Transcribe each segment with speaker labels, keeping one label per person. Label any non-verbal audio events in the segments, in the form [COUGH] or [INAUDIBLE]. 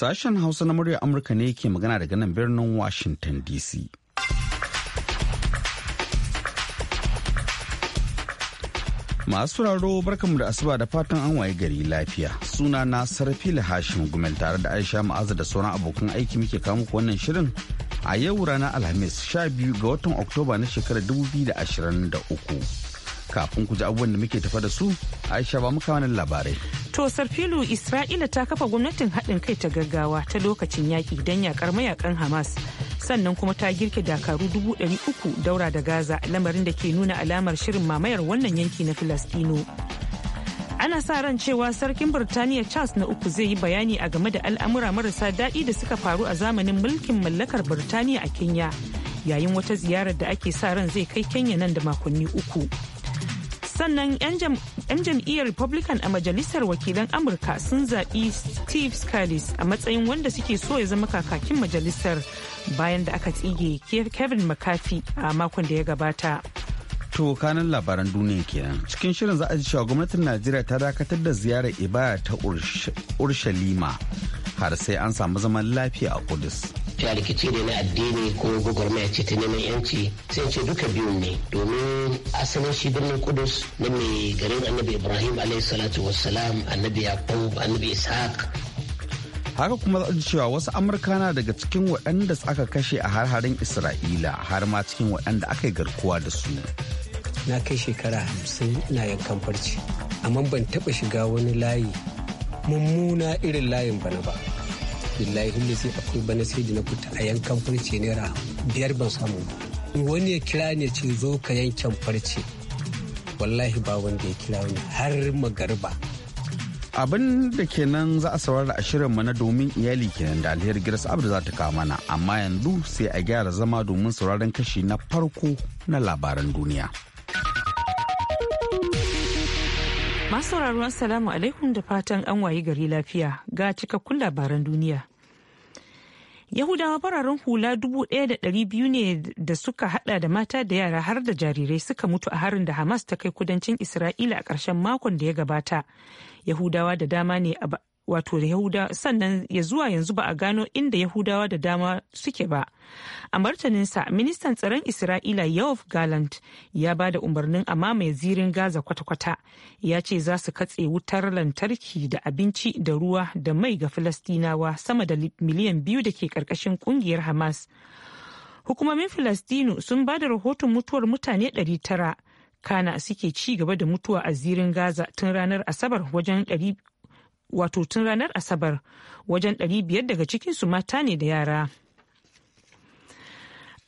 Speaker 1: Sashen Hausa na muryar Amurka ne ke magana daga nan birnin Washington DC. Masu raro barkanmu da asuba da fatan an waye gari lafiya. Suna na Sarfi Hashim Gumel tare da Aisha Ma'aza da sauran abokan aiki muke kawo muku wannan shirin a yau rana Alhamis 12 ga watan Oktoba na shekarar 2023. kafin ku ji abubuwan da muke tafa da su aisha ba muka wani labarai
Speaker 2: to sarfilu isra'ila ta kafa gwamnatin haɗin kai ta gaggawa ta lokacin yaƙi don yaƙar mayakan hamas sannan kuma ta girke dakaru dubu ɗari uku daura da gaza lamarin da ke nuna alamar shirin mamayar wannan yanki na filastino ana sa ran cewa sarkin birtaniya charles na uku zai yi bayani a game da al'amura marasa daɗi da suka faru a zamanin mulkin mallakar birtaniya a kenya yayin wata ziyarar da ake sa ran zai kai kenya nan da makonni uku sannan 'yan jam'iyyar republican a majalisar wakilan amurka sun zaɓi steve scalise a matsayin wanda suke so ya zama kakakin majalisar bayan da aka tsige kevin mccarthy a makon da ya gabata
Speaker 1: to kanan labaran duniya kenan cikin shirin za a ji cewa gwamnatin najeriya ta dakatar da ziyarar ibada ta urshalima har sai an samu zaman lafiya a Kudus.
Speaker 3: cewa rikici da na addini ko gwagwarmaya ce ta neman yanci sai ce duka biyun ne domin asalin shi birnin kudus na mai garin annabi ibrahim alayhi salatu wassalam annabi yaqub annabi ishaq
Speaker 1: haka kuma za cewa wasu amurkana daga cikin waɗanda aka kashe a harharin isra'ila har ma cikin waɗanda aka yi garkuwa da su
Speaker 3: na kai shekara hamsin ina yankan farci amma ban taɓa shiga wani layi mummuna irin layin bana ba abdullahi hulli sai akwai bana sai da na kuta a yankan farce naira biyar ban samu ba wani ya kira ne ce zo ka yankan farce wallahi ba wanda ya kira ni har magarba
Speaker 1: abin da kenan za a saurara a shirin na domin iyali kenan da alheri giras abu za ta kawo mana amma yanzu sai a gyara zama domin sauraron kashi na farko na labaran
Speaker 2: duniya masu sauraro salamu alaikum da fatan an wayi gari lafiya ga cikakkun labaran duniya Yahudawa fararen hula dubu da ɗaya ɗari biyu ne da suka hada da mata da yara har da jarirai suka mutu a harin da Hamas ta kai kudancin Isra'ila a ƙarshen makon da ya gabata. Yahudawa da dama ne wato da yahuda sannan ya zuwa yanzu ba a gano inda yahudawa da dama suke ba a martaninsa ministan tsaron isra'ila yoav galant ya ba da umarnin a mamaye zirin gaza kwata-kwata ya ce za su katse wutar lantarki da abinci da ruwa da mai ga filastinawa sama da miliyan biyu da ke karkashin kungiyar hamas hukumomin filastinu sun ba da rahoton mutuwar mutane 900 kana suke ci gaba da mutuwa a zirin gaza tun ranar asabar wajen wato tun ranar asabar wajen 500 daga cikinsu mata ne da yara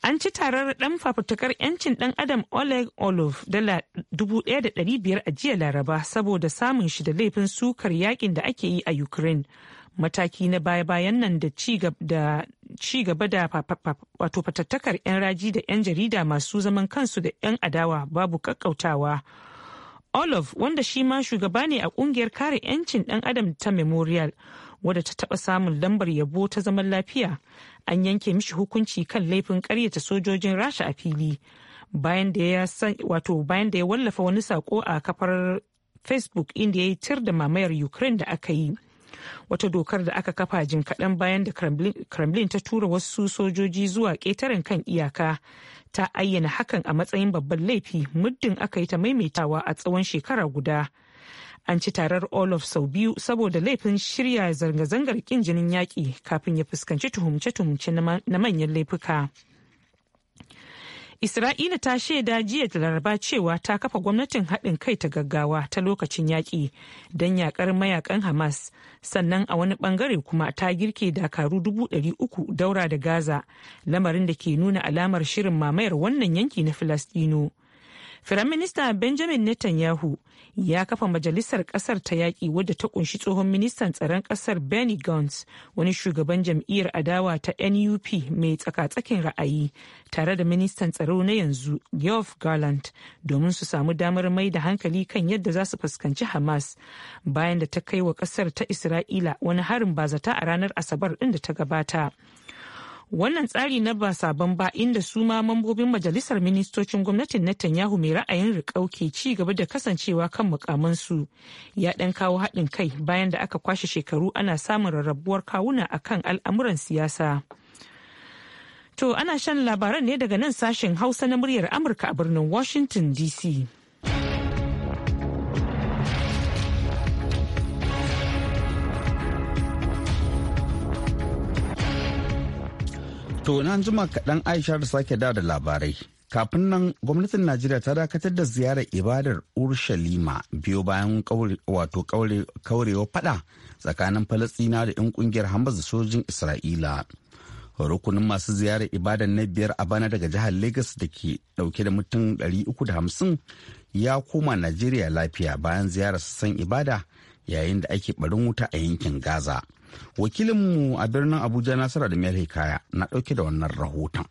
Speaker 2: an ci tarar dan fafutukar yancin dan adam oleg olov dala 1,500 a jiya laraba saboda samun shi da laifin sukar yakin da ake yi a ukraine mataki na baya-bayan nan da ci gaba da wato fatattakar 'yan raji da 'yan jarida masu zaman kansu da 'yan adawa babu kakkautawa Olaf wanda shi ma shugaba ne a kungiyar kare 'yancin ɗan adam ta Memorial wadda ta taɓa samun lambar yabo ta zaman lafiya an yanke mishi hukunci kan laifin karyata sojojin rasha a fili bayan da ya wato bayan da ya wallafa wani sako a kafar Facebook inda ya yi tir da mamayar Ukraine da aka yi. wata dokar da aka kafa jin kaɗan bayan da kremlin ta tura wasu sojoji zuwa ƙetaren kan iyaka ta ayyana hakan a matsayin babban laifi muddin aka yi ta maimaitawa a tsawon shekara guda an ci tarar olaf sau biyu saboda laifin shirya zanga-zangar kin jinin yaƙi kafin ya fuskanci tuhumce-tuhumce na manyan laifuka. Isra'ila ta shaida jiya da laraba cewa ta kafa gwamnatin haɗin kai ta gaggawa ta lokacin yaƙi don yaƙar mayakan Hamas sannan a wani ɓangare kuma ta girke dakaru dubu ɗari uku daura da Gaza lamarin da ke nuna alamar shirin mamayar wannan yanki na Filastino. Firaminista Benjamin Netanyahu ya kafa majalisar kasar ta yaƙi wadda ta kunshi tsohon ministan tsaron kasar benny gantz wani shugaban jam'iyyar adawa ta nup mai tsaka-tsakin ra'ayi tare da ministan tsaro na yanzu geoff garland domin su samu damar mai da hankali kan yadda za su fuskanci hamas bayan da ta kai wa kasar ta isra'ila wani harin bazata a ranar asabar ɗin da ta gabata Wannan tsari na ba sabon ba inda su ma mambobin majalisar ministocin gwamnatin Netanyahu mai ra'ayin riƙau ke ci gaba da kasancewa kan mukamansu ya ɗan kawo haɗin kai bayan da aka kwashe shekaru ana samun rarrabuwar kawuna a kan al'amuran siyasa. To ana shan labaran ne daga nan sashen Hausa na muryar Amurka a birnin Washington DC.
Speaker 1: To nan jima kaɗan Aisha da sake da labarai. Kafin nan gwamnatin Najeriya ta dakatar da ziyarar ibadar Urshalima biyo bayan wato kaurewa faɗa tsakanin Falasina da 'yan ƙungiyar Hamas da sojin Isra'ila. Rukunin masu ziyarar ibadar na biyar a bana daga jihar Legas da ke ɗauke da mutum 350 ya koma Najeriya lafiya bayan ziyarar sassan ibada yayin da ake barin wuta a yankin Gaza. wakilinmu a birnin abuja nasara da mai kaya na ɗauke da wannan rahoton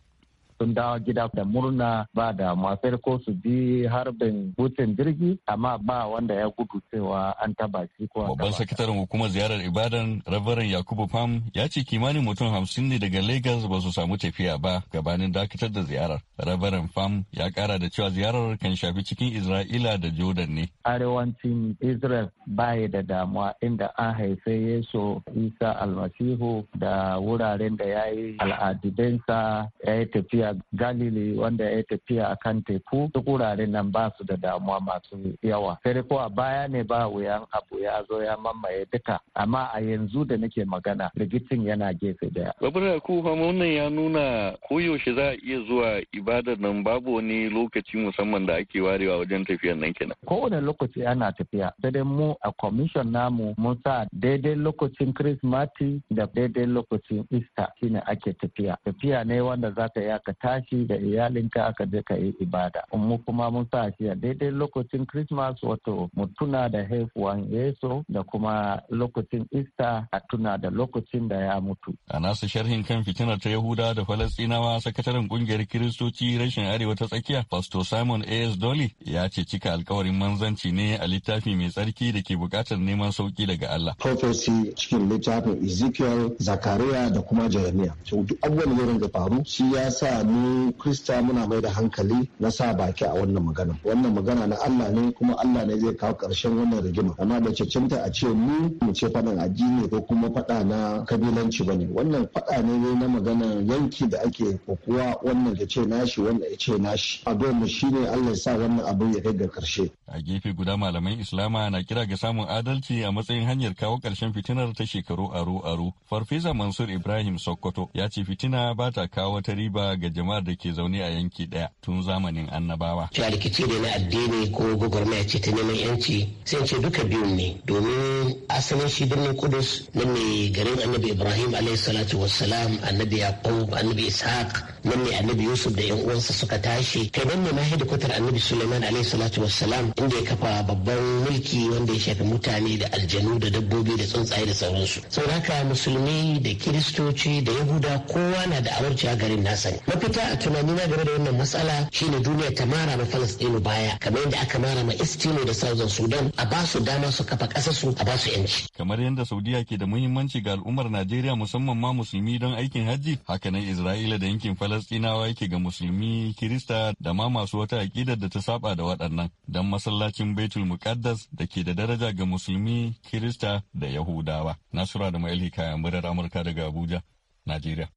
Speaker 1: sun
Speaker 4: dawo gida da murna ba da masar ko su bi harbin butun jirgi amma ba wanda ya gudu cewa an taba shi ko babban sakataren hukumar ziyarar
Speaker 5: ibadan rabaran yakubu Fam, ya ce kimanin mutum hamsin ne daga lagos ba su samu tafiya ba gabanin dakatar da ziyarar rabaran Fam ya kara da cewa ziyarar kan shafi cikin isra'ila da jordan ne
Speaker 4: arewacin israel baya da damuwa inda an haife yesu isa almasihu da wuraren da ya yi al'adidansa ya yi tafiya galile galili wanda ya tafiya a kan teku duk wuraren nan ba su da damuwa masu yawa sai ko a baya ne ba wuyan abu ya zo ya mamaye duka amma a yanzu da nake magana rigicin yana gefe daya.
Speaker 5: babura ku wannan ya nuna koyaushe za a iya zuwa ibadar nan babu wani lokaci musamman da ake warewa wajen tafiyar nan kenan.
Speaker 4: kowane lokaci ana tafiya sai mu a commission namu mun sa daidai lokacin Kirsimati da daidai lokacin Easter shine ake tafiya tafiya ne wanda za ka yi ka tashi da iyalinka aka je ka yi ibada mu kuma mun sa shi a daidai lokacin christmas wato mu tuna da haifuwan yesu da kuma lokacin easter a tuna da
Speaker 5: lokacin da ya mutu a nasu sharhin kan fitinar ta yahuda da falastinawa sakataren kungiyar kiristoci rashin arewa ta tsakiya pastor simon as dolly ya ce cika alkawarin manzanci ne a littafi mai tsarki da ke bukatar neman sauki daga allah
Speaker 1: prophecy cikin littafin ezekiel zakariya da kuma jeremiah to duk abubuwan da faru shi ya sa mu krista muna mai da hankali na sa baki a wannan magana wannan magana na allah ne kuma allah ne zai kawo karshen wannan rigima amma da cancanta a ce mu mu ce faɗan addini ko kuma faɗa na kabilanci bane wannan faɗa ne na magana yanki da ake kokuwa wannan ya ce nashi wannan ya ce nashi addu'ar mu shine allah ya sa wannan abin ya kai ga karshe
Speaker 5: a gefe guda malamai islama na kira ga samun adalci a matsayin hanyar kawo karshen fitinar ta shekaru aro aro farfesa mansur ibrahim sokoto ya ce fitina ba ta kawo ta riba ga jama'ar da ke zaune a yanki daya tun zamanin annabawa. Cewa rikici ne na
Speaker 3: addini ko gwagwarmaya ce ta neman yanci sai ce duka biyun ne domin asalin shi birnin Kudus na mai garin annabi Ibrahim alaihi salatu wassalam annabi Yaqub annabi Ishaq nan ne annabi Yusuf da 'yan uwansa suka tashi kai nan ne hedikwatar annabi Suleiman alaihi salatu wassalam inda ya kafa babban mulki wanda ya shafi mutane da aljanu da dabbobi da tsuntsaye da sauransu. Saboda haka musulmi da kiristoci da yahuda kowa na da cewa garin nasa ne. mafita a tunanina game da wannan matsala shine duniya ta mara ma falastinu baya kamar yadda aka mara ma istino da southern sudan a ba su dama su kafa ƙasar su a ba su yanci
Speaker 5: kamar yadda saudiya ke da muhimmanci ga al'ummar najeriya musamman ma musulmi don aikin hajji haka nan isra'ila da yankin falastinawa yake ga musulmi kirista da ma masu wata aƙidar da ta saba da waɗannan don masallacin baitul muqaddas da ke da daraja ga musulmi kirista da yahudawa nasura da ma'ilhi kayan murar amurka daga abuja najeriya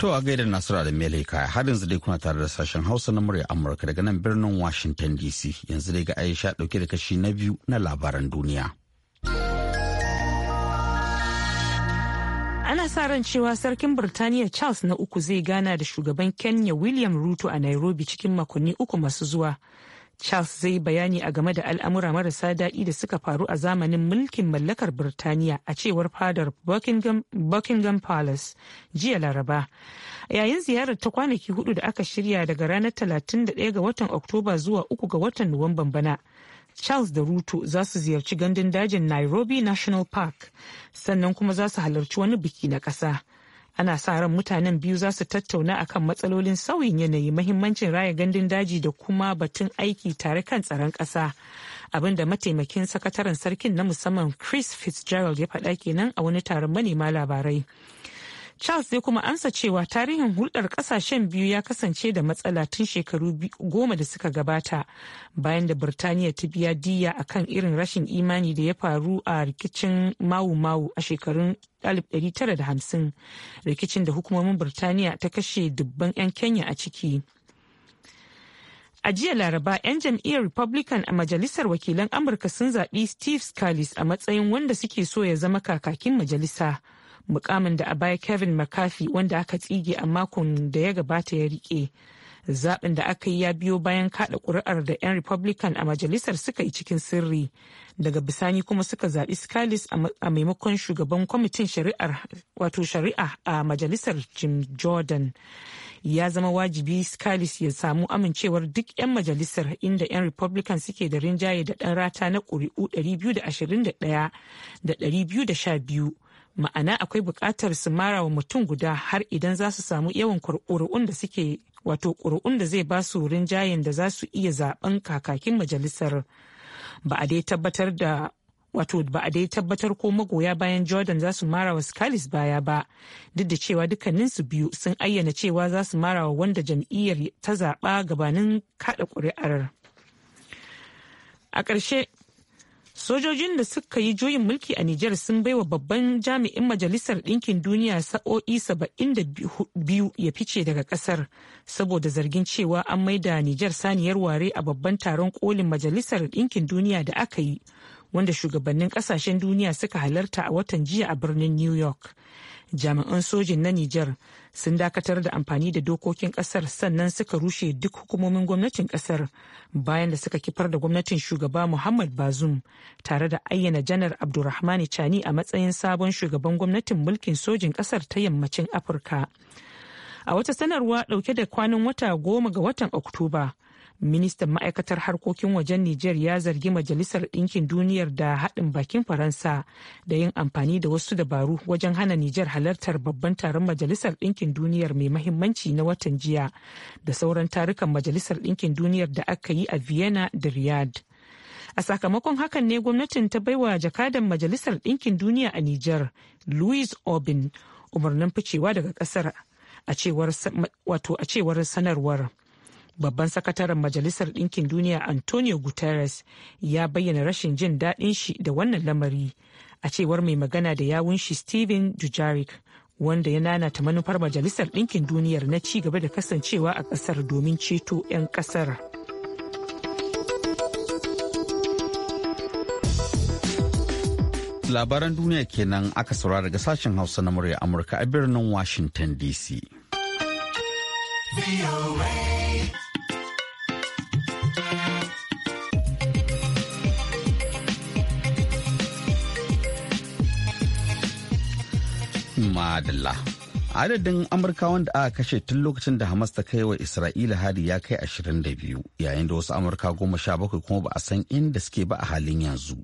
Speaker 1: To a gaida Nasiru da Melika har yanzu dai kuna tare da sashen Hausa na murya Amurka daga nan birnin Washington DC yanzu dai ga Aisha dauke da kashi na biyu na labaran
Speaker 2: duniya. Ana sa ran cewa sarkin Birtaniya Charles na uku zai gana da shugaban Kenya William Ruto a Nairobi cikin makonni uku masu zuwa Charles zai bayani a game da al'amura marasa daɗi da suka faru a zamanin mulkin mallakar Birtaniya a cewar fadar Buckingham, Buckingham Palace jiya Laraba. Yayin ziyarar ta kwanaki hudu da aka shirya daga ranar 31 ga watan Oktoba zuwa 3 ga watan Nuwamban bana. Charles da Ruto za su ziyarci gandun dajin Nairobi National Park sannan kuma za su halarci wani biki na ƙasa. ana sa ran mutanen biyu za su tattauna akan matsalolin sauyin yanayi mahimmancin raya gandun daji da kuma batun aiki tare kan tsaron ƙasa abin da mataimakin sakataren sarkin na musamman chris fitzgerald ya faɗa kenan a wani taron manema labarai Charles zai kuma amsa cewa tarihin hulɗar ƙasashen biyu ya kasance da matsala tun shekaru goma da suka gabata bayan da Birtaniya ta biya diya kan irin rashin imani da ya faru a rikicin mawu-mawu a shekarun 1950 rikicin da hukumomin Birtaniya ta kashe dubban 'yan Kenya a ciki. A jiya Laraba, 'yan jam'iyyar Republican a Majalisar Wakilan Amurka sun zaɓi Steve Scalise a matsayin wanda suke so ya zama kakakin majalisa. mukamin da a baya kevin mccarthy wanda aka tsige a makon da ya gabata ya rike zaɓin da aka yi ya biyo bayan kaɗa ƙuri'ar da 'yan republican a majalisar suka yi cikin sirri daga bisani kuma suka zaɓi scalise a maimakon shugaban kwamitin shari'ar wato shari'a a majalisar jim jordan ya zama wajibi scalise ya samu amincewar duk 'yan majalisar inda 'yan republican suke da rinjaye da ɗan rata na ƙuri'u 221 da 212 ma'ana akwai buƙatar su mara wa mutum guda har idan za su samu yawan ƙuri'un da suke wato ƙuri'un da zai ba su rinjayen da za su iya zaben kakakin majalisar ba a dai tabbatar da wato ba a dai tabbatar ko magoya bayan jordan za su mara wa scalis baya ba duk da cewa dukkaninsu biyu sun ayyana cewa za su mara wa wanda jam'iyyar ta zaɓa gabanin kaɗa ƙuri'ar a ƙarshe Sojojin da suka yi juyin mulki a Nijar sun baiwa babban jami'in Majalisar Ɗinkin Duniya sa'o'i biyu ya fice daga ƙasar saboda zargin cewa an mai da Nijar saniyar ware a babban taron kolin Majalisar Ɗinkin Duniya da aka yi, wanda shugabannin ƙasashen duniya suka halarta a watan jiya a birnin New York. jami'an sojin na Nijar sun dakatar da amfani da dokokin kasar sannan suka rushe duk hukumomin gwamnatin kasar bayan da suka kifar da gwamnatin shugaba Muhammad Bazum tare da ayyana janar Abdulrahmani Chani a matsayin sabon shugaban gwamnatin mulkin sojin kasar ta yammacin Afirka. A wata sanarwa dauke da kwanan wata goma ga watan Oktoba. ministan ma'aikatar harkokin wajen nijar ya zargi majalisar ɗinkin duniyar da haɗin bakin faransa da yin amfani da wasu dabaru wajen hana nijar halartar babban taron majalisar ɗinkin duniyar mai mahimmanci na watan jiya da sauran tarukan majalisar ɗinkin duniyar da aka yi a vienna da riyad a sakamakon hakan ne gwamnatin ta baiwa jakadan majalisar ɗinkin duniya a nijar louis obin umarnin ficewa daga ƙasar a cewar sanarwar babban sakataren majalisar ɗinkin duniya antonio guterres ya bayyana rashin jin daɗin shi da wannan lamari a cewar mai magana da yawun shi steven dujaric wanda ya nanata manufar majalisar ɗinkin duniyar na ci gaba da kasancewa a ƙasar domin ceto 'yan ƙasar.
Speaker 1: labaran duniya kenan aka saurara daga sashen hausa na murya amurka a birnin washington dc. Dalla. adadin amurkawan da aka kashe tun lokacin da hamas ta kai wa isra'ila hari ya kai 22 yayin da wasu amurka goma sha bakwai kuma ba a san inda suke ba a halin yanzu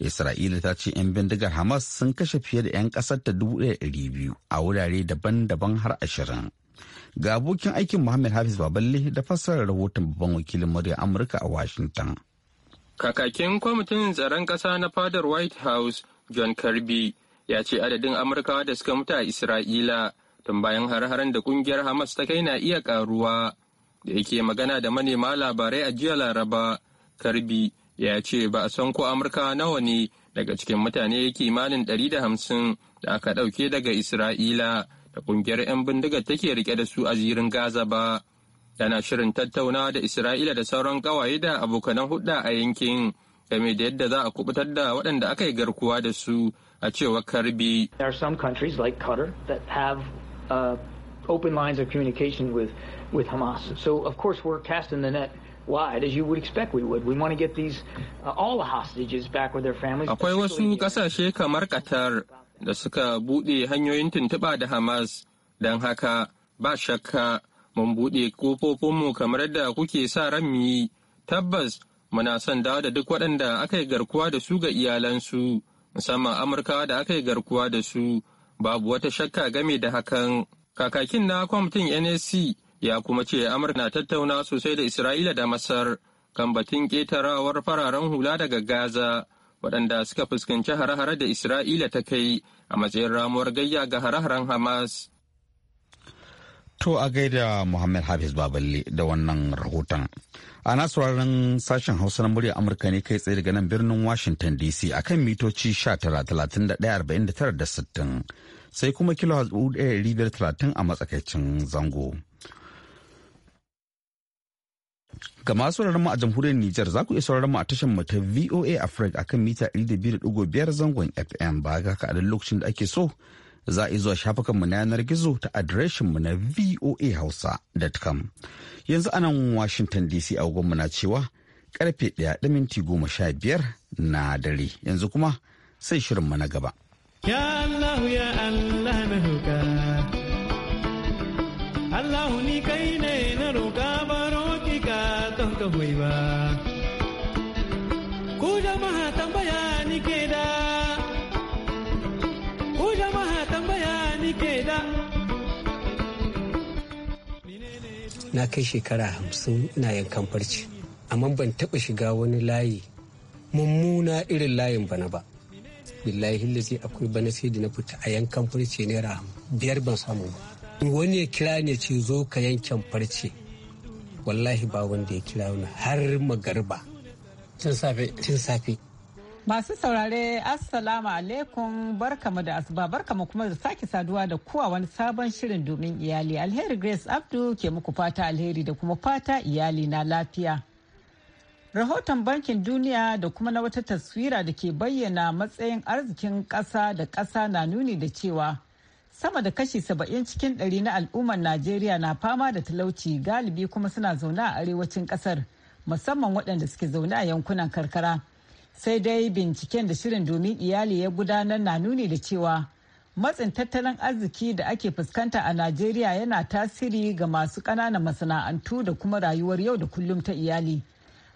Speaker 1: isra'ila ta ce 'yan bindigar hamas sun kashe fiye da 'yan kasar ta 1,200 a wurare daban-daban har ashirin ga abokin aikin muhammad hafiz baballe da fassarar rahoton babban wakilin murya amurka a washington
Speaker 6: kakakin kwamitin tsaron ƙasa na fadar white house john kirby ya ce adadin amurkawa da suka mutu a isra'ila tun bayan har-haren da kungiyar hamas ta kai na iya karuwa da yake magana da manema labarai a jiya laraba karbi ya ce ba a san ko amurkawa nawa ne daga cikin mutane kimanin ɗari da hamsin da aka ɗauke daga isra'ila da kungiyar 'yan bindiga take rike da su a zirin gaza ba yana shirin tattaunawa da isra'ila da sauran ƙawaye da abokanan hudda a yankin game da yadda za a kubutar da waɗanda aka yi garkuwa da su a cewa karbi.
Speaker 2: There are some countries like Qatar that have uh, open lines of communication with, with Hamas. So of course we're casting the net wide as you would expect we would. We want to get these uh, all the hostages back with their families. Akwai
Speaker 6: wasu kasashe kamar Qatar da suka buɗe hanyoyin tuntuɓa da Hamas don haka ba shakka mun buɗe ƙofofinmu kamar yadda kuke sa ran mu tabbas muna son dawo da duk waɗanda aka yi garkuwa da su ga iyalansu musamman amurka da aka yi garkuwa da su babu wata shakka game da hakan kakakin na kwamitin nsc ya kuma ce amurka na tattauna sosai da isra'ila da masar kan batun ƙetarawar fararen hula daga gaza waɗanda suka fuskanci hare-hare da isra'ila ta kai a matsayin ramuwar gayya ga hare-haren hamas
Speaker 1: To a gaida Muhammad Hafiz Baballe da wannan rahoton. Ana sauraron sashen Hausa na murya Amurka ne kai tsaye daga nan birnin Washington DC akan mitoci 19,31,49,60 sai kuma kilo 1,530 a matsakaicin zango. Ga masu mu a jamhuriyar Nijar za ku iya sauraron mu a tashar mu ta VOA Africa akan mita 200.5 zangon FM ba ga ka a lokacin da ake so za a zuwa shafukanmu na yanar gizo ta adireshinmu na voahausa.com. Yanzu anan Washington DC a mu na cewa karfe ɗaya da minti goma sha biyar na dare. Yanzu kuma sai shirinmu na gaba.
Speaker 7: Ya Allah ya Allah na roƙa. Allah ni kai ne na roƙa ba Roƙi ka ka ba. Ku jama'a tambaya
Speaker 3: na kai shekara hamsin ina yankan farce amma ban taɓa shiga wani layi mummuna irin layin bana ba billahi lazi akwai bana sai da na fita a yankan farce naira biyar ban samu ba wani ya kira ne ce zo ka yankan farce wallahi ba wanda ya kira wani har magarba tun safe
Speaker 8: Masu saurare Assalamu alaikum barkamu da asuba barkamu kuma da sake saduwa da kuwa wani sabon shirin domin iyali alheri Grace Abdu ke muku fata alheri da kuma fata iyali na lafiya. Rahoton Bankin Duniya da kuma na wata taswira da ke bayyana matsayin arzikin ƙasa da ƙasa na nuni da cewa sama da kashi saba'in cikin ɗari na al'ummar Najeriya na fama da talauci galibi kuma suna zaune a arewacin ƙasar musamman waɗanda suke zaune a yankunan karkara. sai dai binciken da shirin domin iyali ya gudanar na nuni da cewa matsin tattalin arziki da ake fuskanta a najeriya yana tasiri ga masu ƙananan masana'antu da kuma rayuwar yau da kullum ta iyali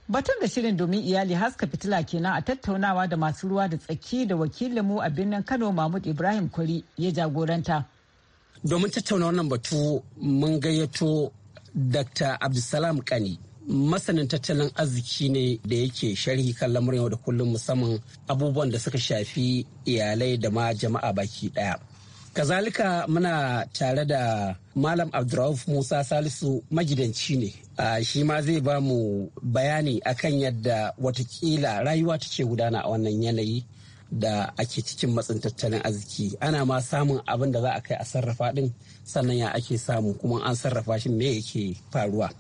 Speaker 8: batun da shirin domin iyali haska fitila kenan a tattaunawa da masu ruwa da tsaki da wakilinmu a birnin kano mahmud ibrahim kwari ya jagoranta
Speaker 3: domin tattauna wannan batu mun gayyato dr abdulsalam kani masanin tattalin arziki ne da yake sharhi kan lamarin yau da kullum musamman abubuwan da suka shafi iyalai da ma jama'a baki daya. Kazalika muna tare da Malam Abdurrauf Musa Salisu magidanci ne. Shi ma zai ba mu bayani akan yadda watakila rayuwa take gudana a wannan yanayi da ake cikin matsin tattalin arziki. Ana ma samun abin da za a kai a sarrafa din sannan ya ake samu kuma an sarrafa shi me yake faruwa.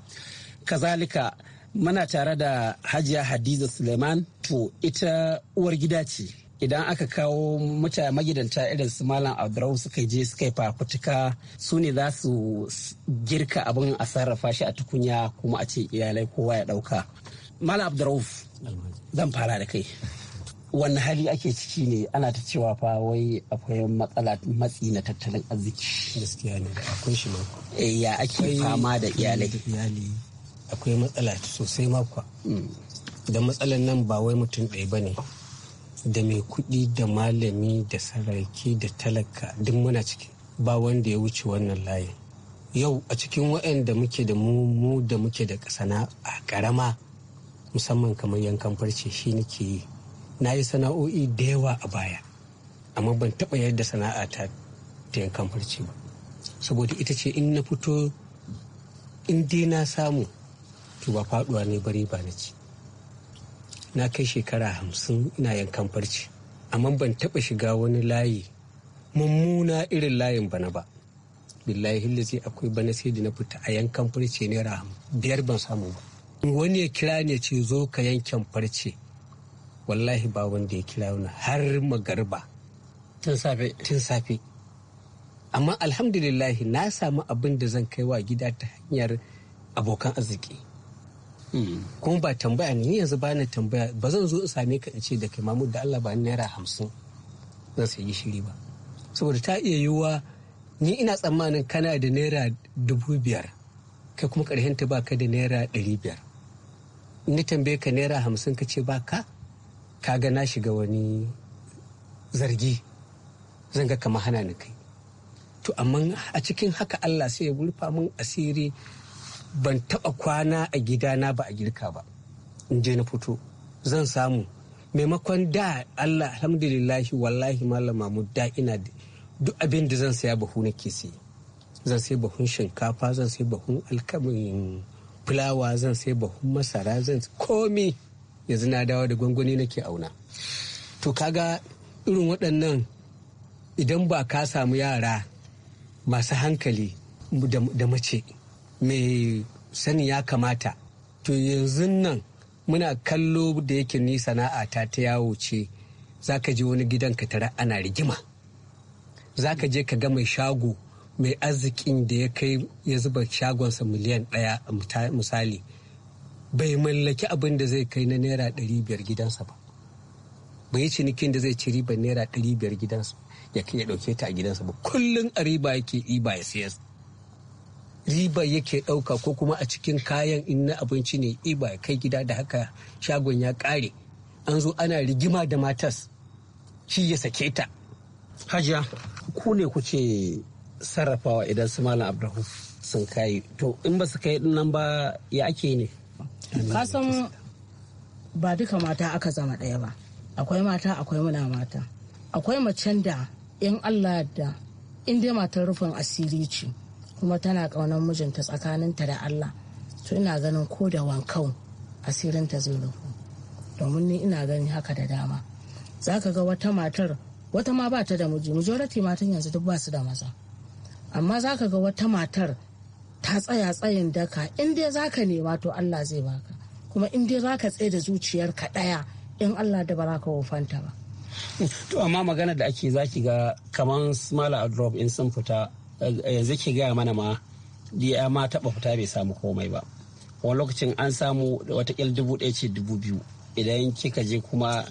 Speaker 3: kazalika muna tare da hajiya hadiza suleiman to ita uwar gida ce idan aka kawo mutane magidanta irin su malam abdurrahu suka je suka yi fafutuka su ne za su girka abin a sarrafa shi a tukunya kuma a ce iyalai kowa ya dauka malam abdurrahu zan fara da kai wani hali ake ciki ne ana ta cewa fa wai akwai matsala matsi na tattalin arziki gaskiya ne akwai shi ma eh, ya ake fama da iyalai akwai matsala sosai makwa da matsalan nan ba wai mutum ɗaya ba ne da mai kuɗi da malami da saraki da talaka duk muna ciki ba wanda ya wuce wannan layin yau a cikin waɗanda muke da mu da muke da kasana a ƙarama musamman kamar yankan farce shi nake yi na yi sana'o'i da yawa a baya amma ban taɓa yadda sana'a ta ta yankan farce ba saboda ita ce in na fito in dai na samu to ba faduwa ne bari ba na ci na kai shekara hamsin ina yankan farci amma ban taba shiga wani layi mummuna irin layin bana ba billahi hillazi akwai bana sai da na fita a yankan farce naira biyar ban samu ba wani ya kira ne ce zo ka yankan farce wallahi ba wanda ya kira wani har magarba tun safe tun safe amma alhamdulillahi na samu abin da zan kai wa gida ta hanyar abokan arziki kuma ba tambaya ne yanzu ba na tambaya ba zan zo in same ka in ce da kai mamud da Allah ba ni naira hamsin zan sayi shiri ba saboda ta iya yiwuwa ni ina tsammanin kana da naira dubu biyar kai kuma ta baka da naira ɗari biyar ni tambaye ka naira hamsin ka ce ba ka ka ga na shiga wani zargi zan ga kama hana ni kai to amma a cikin haka Allah sai ya gurfa min asiri ban taɓa kwana a gidana ba a girka ba in je na fito zan samu maimakon da allah alhamdulillahi wallahi malam mahmud da ina duk abin da zan saya bahu ke sai zan sai bahun shinkafa zan sai bahun alkamin fulawa zan sai bahun masara zan komi yanzu na dawo da gwangwani nake auna to kaga irin waɗannan idan ba ka samu yara masu hankali da mace mai sani ya kamata to yanzu nan muna kallo da yake ni sana'a ta ta yawo ce za ka je wani gidan ka tara ana rigima za ka je ka ga mai shago mai arzikin da ya kai ya zuba shagonsa miliyan ɗaya misali bai mallaki abin da zai kai na naira ɗari biyar gidansa ba bai yi cinikin da zai ci riba naira ɗari biyar gidansa ya ya ɗauke ta a gidansa ba kullum a riba yake ɗiba ya siyasa. riba yake ɗauka ko kuma a cikin kayan in na abinci ne iba eh, kai gida da haka shagon ya ƙare an zo ana rigima da matas shi ya sake ta hajiya ku ne ku ce sarrafawa idan su malam abdullahi sun kai to in ba su kai nan ba ya ake ne
Speaker 9: kasan ba duka mata aka zama ɗaya ba akwai mata akwai muna mata akwai macen da in allah da in dai matar rufin asiri ce kuma tana kaunar mijinta tsakaninta da Allah to ina ganin ko da wankau asirinta zai rufu domin ni ina ganin haka da dama za ka ga wata matar wata ma ba ta da miji majority matan yanzu duk ba su da maza amma za ka ga wata matar ta tsaya tsayin daka in dai za ka nema to Allah zai baka kuma in dai za ka tsaye da zuciyarka ɗaya in Allah da ba ka wofanta ba.
Speaker 3: to amma magana da ake zaki ga kaman smaller drop in sun fita yanzu ke gaya mana ma ya ma taba fita bai samu komai ba wani lokacin an samu watakil dubu ɗaya ce dubu biyu idan kika je kuma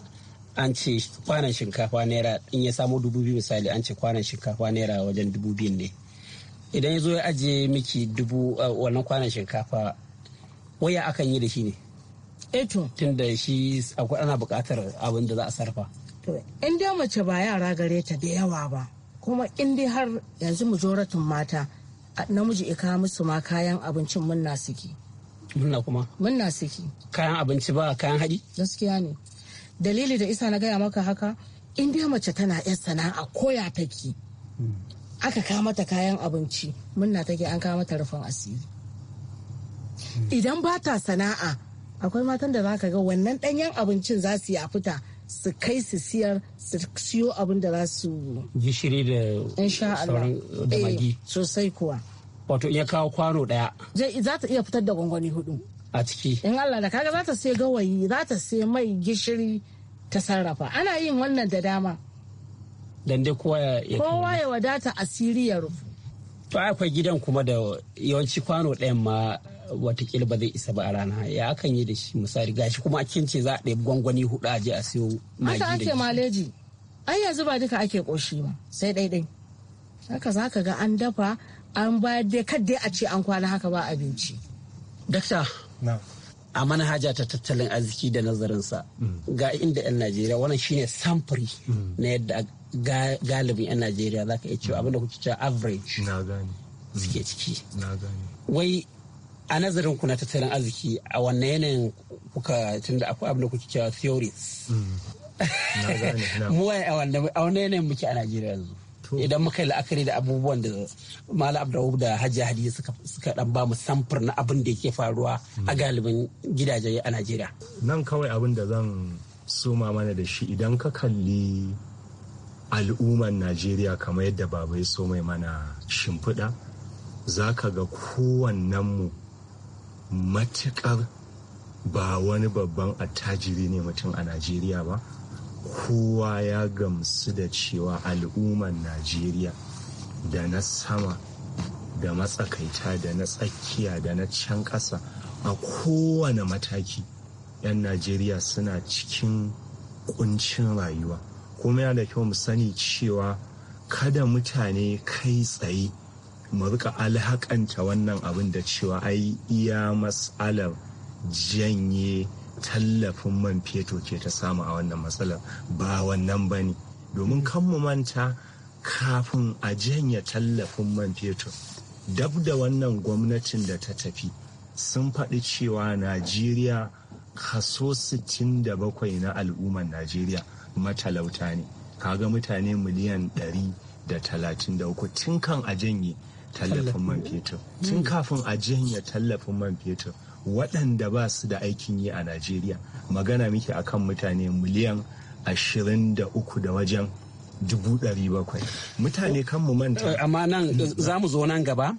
Speaker 3: an ce kwanan shinkafa naira in ya samu dubu biyu misali an ce kwanan shinkafa naira wajen dubu biyun ne idan ya zo ya ajiye miki dubu wannan kwanan shinkafa waya akan yi da shi ne eto eh tun da shi akwai ana bukatar abin da za a sarfa
Speaker 9: in dai mace ba yara gare ta da yawa ba kuma in dai har yanzu majoratin mata namiji ya kawo musu ma kayan abincin munna suke munna kuma munna suke
Speaker 3: kayan abinci ba kayan haɗi
Speaker 9: gaskiya ne dalili da isa na gaya maka haka in dai mace tana yan sana'a koya take aka kawo mata kayan abinci munna take an kawo mata rufin asiri idan ba ta sana'a akwai matan da za ka ga wannan ɗanyen abincin za su yi a fita su kai su siyar
Speaker 3: su siyo abin da za su gishiri da sauran da eh, magi sosai kuwa wato iya kawo kwano daya
Speaker 9: za ta iya fitar da gwangwani hudu a ciki in Allah da kaga za ta sai gawayi za ta sai mai gishiri ta sarrafa ana yin wannan da dama
Speaker 3: dan dai kowa ya
Speaker 9: kowa ya wadata asiri ya rufu
Speaker 3: to akwai gidan kuma da yawanci kwano ɗayan ma watakila ba zai isa ba a rana ya akan yi da shi misali gashi kuma akin ce za a ɗaya gwangwani hudu a je a siyo maji da ake
Speaker 9: maleji ai yanzu ba duka ake koshi ba sai ɗaiɗai haka za ka ga an dafa an bayar dai kadai a ce an kwana haka ba abinci dakta
Speaker 3: a manhaja ta tattalin arziki da nazarinsa mm. ga inda 'yan najeriya wannan shine samfuri mm. na yadda galibin 'yan najeriya za ka iya cewa abinda kuke cewa average Na mm. suke ciki Na wai a nazarin ku na tattalin arziki a wannan yanayin kuka tunda akwai abin da kuke cewa theories mm. [LAUGHS] mu a wannan yanayin muke a Najeriya yanzu idan muka yi la'akari da abubuwan da Malam Abdulrahman da Hajji Hadi suka dan ba mu samfur na abin da yake faruwa a mm. galibin gidaje a Najeriya
Speaker 7: nan kawai abin da zan soma mana da shi idan ka kalli al'umman Najeriya kamar yadda babai so mai mana shimfiɗa za ka ga kowannenmu mu matuƙar ba wani babban attajiri ne mutum a najeriya ba kowa ya gamsu da cewa al'umman najeriya da na sama da matsakaita da na tsakiya da na can ƙasa a kowane mataki 'yan najeriya suna cikin kuncin rayuwa kuma yana da kyau mu sani cewa kada mutane kai tsaye mu rika alhakanta wannan abin da cewa ai iya matsalar janye tallafin man fetur ke ta samu a wannan matsalar ba wannan ba ne domin kan mu manta kafin a janye tallafin man fetur dab da wannan gwamnatin da ta tafi sun faɗi cewa najeriya kaso 67 na al'ummar najeriya matalauta ne kaga mutane miliyan da uku tun kan a janye tallafin man fetur tun mm. kafin a janye tallafin man fetur waɗanda ba su da aikin yi a najeriya magana muke akan mutane miliyan ashirin da uku da wajen dubu ɗari bakwai
Speaker 3: mutane kan mu manta eh, amma nan za mu zo nan gaba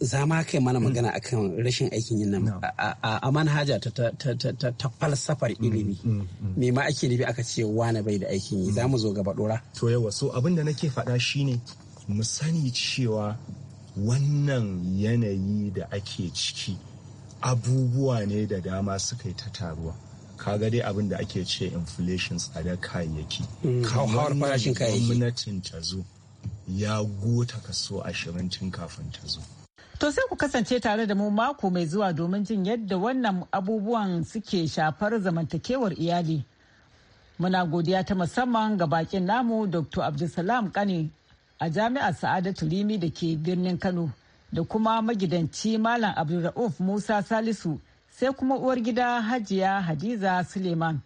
Speaker 3: za ma kai mana magana akan rashin aikin yin nan a manhaja ta falsafar mm, ilimi mm, me ma ake nufi aka ce wane bai da aikin yi za mu zo gaba dora to yawa so abin da nake faɗa shine mu sani cewa
Speaker 7: wannan yanayi da ake ciki abubuwa ne da dama suka yi ta taruwa kaga dai abin da ake ce inflation tsadar kayayyaki kawar mm, farashin kayayyaki gwamnatin ta zo ya gota kaso ashirin tun kafin ta zo
Speaker 8: To sai ku kasance tare da mu mako mai zuwa domin jin yadda wannan abubuwan suke shafar zamantakewar iyali. Muna godiya ta musamman ga bakin namu Dr. Abdulsalam Kane a jami'ar Sa'adatu Rimi da ke birnin Kano da kuma magidanci Malam Abdulra'uf Musa Salisu sai kuma uwar gida Hajiya Hadiza Suleiman.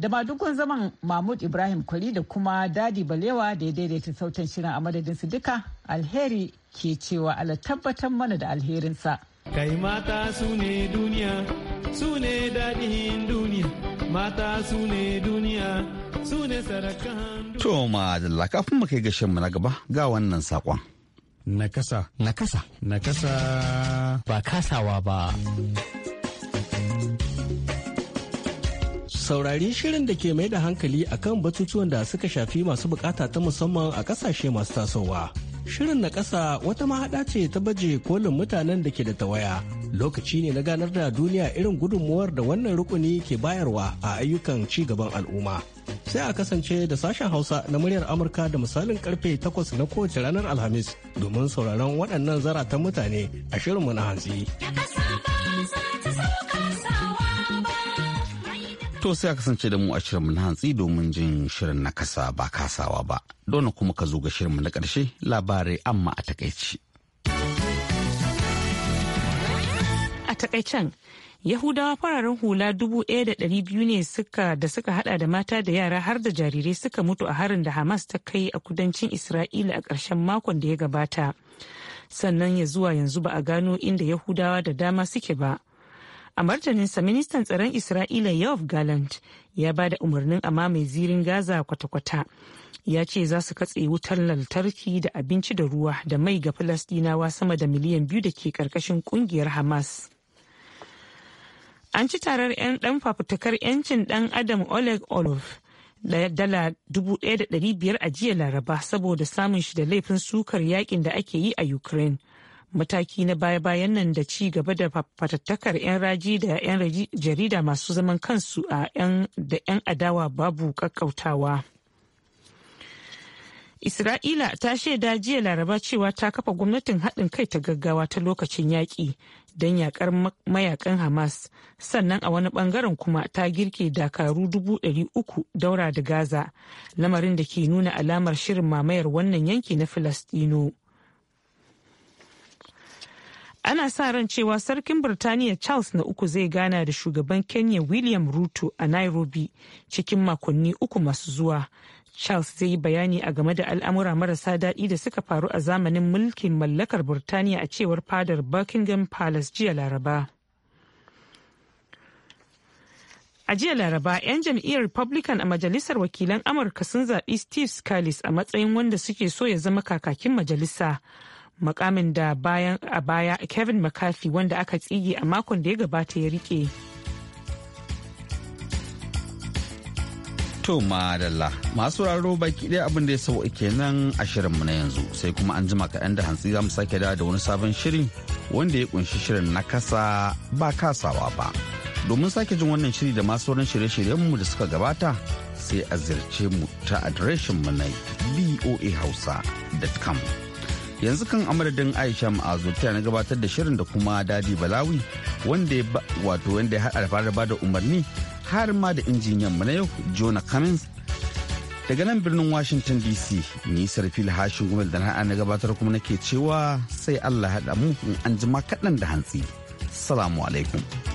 Speaker 8: Da madugun zaman Mahmud Ibrahim Kwari da kuma Dadi Balewa da ya daidaita sautan shirin a madadin su duka alheri ke cewa ala tabbatar mana da alherinsa.
Speaker 7: Kai mata su ne duniya, su ne dadihin duniya, mata su ne duniya, su ne sarakan
Speaker 1: To ma dalla kafin mu kai gashin mu na gaba ga wannan sakon. Nakasa.
Speaker 3: Nakasa. Nakasa. Ba kasawa ba. saurari shirin da ke mai da hankali a kan batutuwan da suka shafi masu bukata ta musamman a kasashe masu tasowa. Shirin na ƙasa wata mahaɗa ce ta baje kolin mutanen da ke da tawaya. Lokaci ne na ganar da duniya irin gudunmuwar da wannan rukuni ke bayarwa a ayyukan ci gaban al'umma. sai a kasance da sashen Hausa na muryar Amurka da misalin karfe 8 na kowace ranar Alhamis domin sauraron waɗannan zaratan mutane a shirinmu na hantsi.
Speaker 1: To sai a kasance da mu a shirinmu na hantsi domin jin shirin na kasa ba kasawa ba. dole kuma ka zo ga shirin shirinmu na ƙarshe labarai amma a takaici.
Speaker 2: A takaicen yahudawa fararen hula dubu ɗaya da ɗari biyu ne da suka hada da mata da yara har da jarirai suka mutu a harin da hamas ta kai a kudancin isra'ila a ƙarshen makon da ya gabata sannan ya zuwa yanzu ba a gano inda yahudawa da dama suke ba a martaninsa ministan tsaron isra'ila yoav Gallant ya ba da umarnin amma mai zirin gaza kwata-kwata ya ce za su katse wutar lantarki da abinci da ruwa da mai ga Falasdinawa sama da miliyan biyu da ke karkashin kungiyar hamas an ci tarar 'yan ɗan fafutukar 'yancin ɗan adam oleg ɗaya da dala biyar a jiya laraba saboda samun shi da laifin sukar yakin da ake yi a ukraine mataki na baya-bayan nan da ci gaba da fatattakar 'yan raji da 'yan jarida masu zaman kansu a da 'yan adawa babu kakkautawa. Isra'ila ta shaida jiya laraba cewa ta kafa gwamnatin haɗin kai ta gaggawa ta lokacin yaƙi don yakar mayakan hamas sannan a wani bangaren kuma ta girke dakaru dubu uku daura da gaza lamarin da ke nuna alamar shirin mamayar wannan yanki na filastino ana sa ran cewa sarkin birtaniya charles na uku zai gana da shugaban kenya william ruto a nairobi cikin makonni uku masu zuwa Charles zai yi bayani a game da al'amura marasa daɗi da suka faru a zamanin mulkin mallakar Burtaniya a cewar fadar Buckingham Palace jiya Laraba. A jiya Laraba, 'yan jam'iyyar Republican a Majalisar Wakilan Amurka sun zaɓi Steve Scalise a matsayin wanda suke so ya zama kakakin majalisa. Makamin da bayan a baya Kevin McCarthy wanda aka tsige a makon da ya gabata ya rike.
Speaker 1: To madalla masu raro baki ɗaya abin da ya ake nan a shirinmu na yanzu sai kuma an jima kaɗan da hantsi za mu sake da wani sabon shirin wanda ya kunshi shirin na kasa ba kasawa ba. Domin sake jin wannan shiri da masu wurin shirye-shiryenmu da suka gabata sai a ziyarce mu ta adireshinmu na voahausa.com. yanzu kan amadadin aisha ma'azu ta na gabatar da shirin da kuma dadi balawi wanda ya wato wanda ya haɗa fara ba da umarni har ma da injiniyan mu na yau jona cummins daga nan birnin washington dc nisar fil hashin kuma da na gabatar kuma nake cewa sai allah haɗa mu in an jima kaɗan da hantsi salamu alaikum